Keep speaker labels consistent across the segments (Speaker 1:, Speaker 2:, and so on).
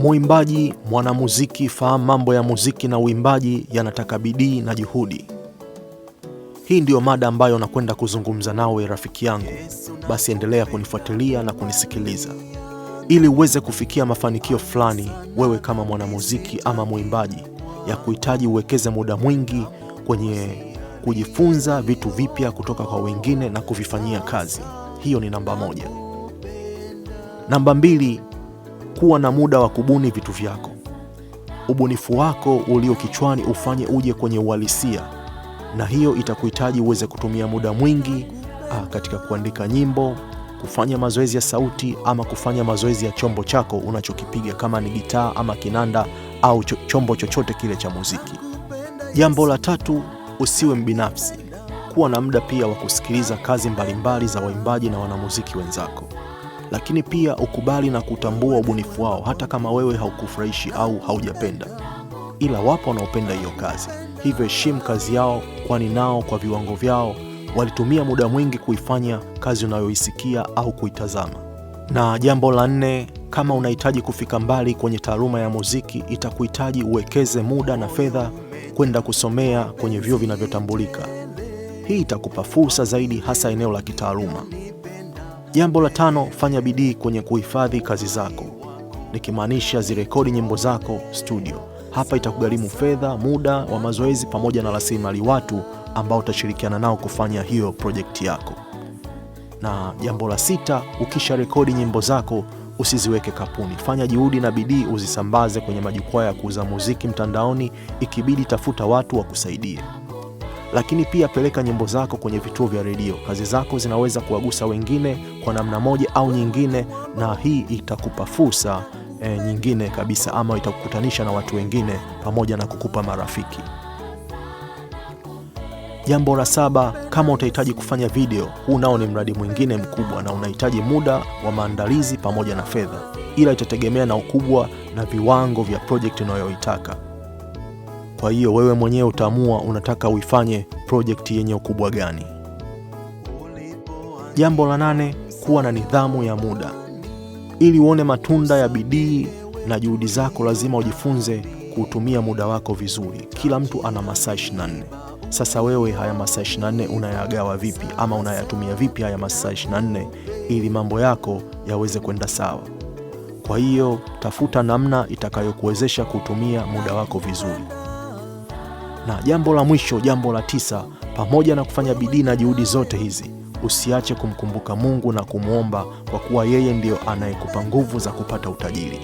Speaker 1: Mwimbaji, mwanamuziki, fahamu mambo ya muziki na uimbaji yanataka bidii na juhudi. Hii ndiyo mada ambayo nakwenda kuzungumza nawe rafiki yangu, basi endelea kunifuatilia na kunisikiliza ili uweze kufikia mafanikio fulani, wewe kama mwanamuziki ama mwimbaji ya kuhitaji uwekeze muda mwingi kwenye kujifunza vitu vipya kutoka kwa wengine na kuvifanyia kazi. Hiyo ni namba moja. Namba mbili, kuwa na muda wa kubuni vitu vyako. Ubunifu wako ulio kichwani ufanye uje kwenye uhalisia, na hiyo itakuhitaji uweze kutumia muda mwingi ah, katika kuandika nyimbo, kufanya mazoezi ya sauti, ama kufanya mazoezi ya chombo chako unachokipiga, kama ni gitaa ama kinanda au chombo chochote kile cha muziki. Jambo la tatu, usiwe mbinafsi. Kuwa na muda pia wa kusikiliza kazi mbalimbali za waimbaji na wanamuziki wenzako, lakini pia ukubali na kutambua ubunifu wao, hata kama wewe haukufurahishi au haujapenda, ila wapo wanaopenda hiyo kazi, hivyo heshimu kazi yao, kwani nao kwa viwango vyao walitumia muda mwingi kuifanya kazi unayoisikia au kuitazama. Na jambo la nne kama unahitaji kufika mbali kwenye taaluma ya muziki, itakuhitaji uwekeze muda na fedha kwenda kusomea kwenye vyuo vinavyotambulika. Hii itakupa fursa zaidi, hasa eneo la kitaaluma. Jambo la tano, fanya bidii kwenye kuhifadhi kazi zako, nikimaanisha zirekodi nyimbo zako studio. Hapa itakugharimu fedha, muda wa mazoezi, pamoja na rasilimali watu ambao utashirikiana nao kufanya hiyo projekti yako. Na jambo la sita, ukisha rekodi nyimbo zako usiziweke kapuni. Fanya juhudi na bidii uzisambaze kwenye majukwaa ya kuuza muziki mtandaoni, ikibidi tafuta watu wa kusaidia Lakini pia peleka nyimbo zako kwenye vituo vya redio. Kazi zako zinaweza kuwagusa wengine kwa namna moja au nyingine, na hii itakupa fursa e, nyingine kabisa ama itakukutanisha na watu wengine pamoja na kukupa marafiki. Jambo la saba, kama utahitaji kufanya video, huu nao ni mradi mwingine mkubwa na unahitaji muda wa maandalizi pamoja na fedha, ila itategemea na ukubwa na viwango vya project unayoitaka. Kwa hiyo wewe mwenyewe utaamua unataka uifanye project yenye ukubwa gani. Jambo la nane, kuwa na nidhamu ya muda. Ili uone matunda ya bidii na juhudi zako, lazima ujifunze kuutumia muda wako vizuri. Kila mtu ana masaa 24. Sasa wewe haya masaa 24 unayagawa vipi, ama unayatumia vipi haya masaa 24 ili mambo yako yaweze kwenda sawa? Kwa hiyo tafuta namna itakayokuwezesha kutumia muda wako vizuri. Na jambo la mwisho, jambo la tisa, pamoja na kufanya bidii na juhudi zote hizi, usiache kumkumbuka Mungu na kumwomba, kwa kuwa yeye ndiyo anayekupa nguvu za kupata utajiri.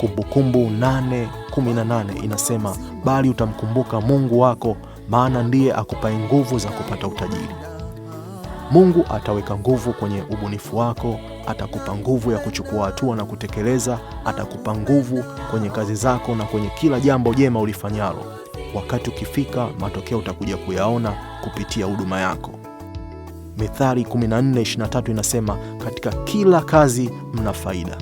Speaker 1: Kumbukumbu 8:18 inasema, bali utamkumbuka Mungu wako maana ndiye akupaye nguvu za kupata utajiri. Mungu ataweka nguvu kwenye ubunifu wako, atakupa nguvu ya kuchukua hatua na kutekeleza, atakupa nguvu kwenye kazi zako na kwenye kila jambo jema ulifanyalo. Wakati ukifika, matokeo utakuja kuyaona kupitia huduma yako. Mithali 14:23 inasema, katika kila kazi mna faida.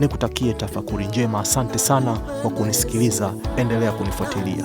Speaker 1: Nikutakie tafakuri njema. Asante sana kwa kunisikiliza, endelea kunifuatilia.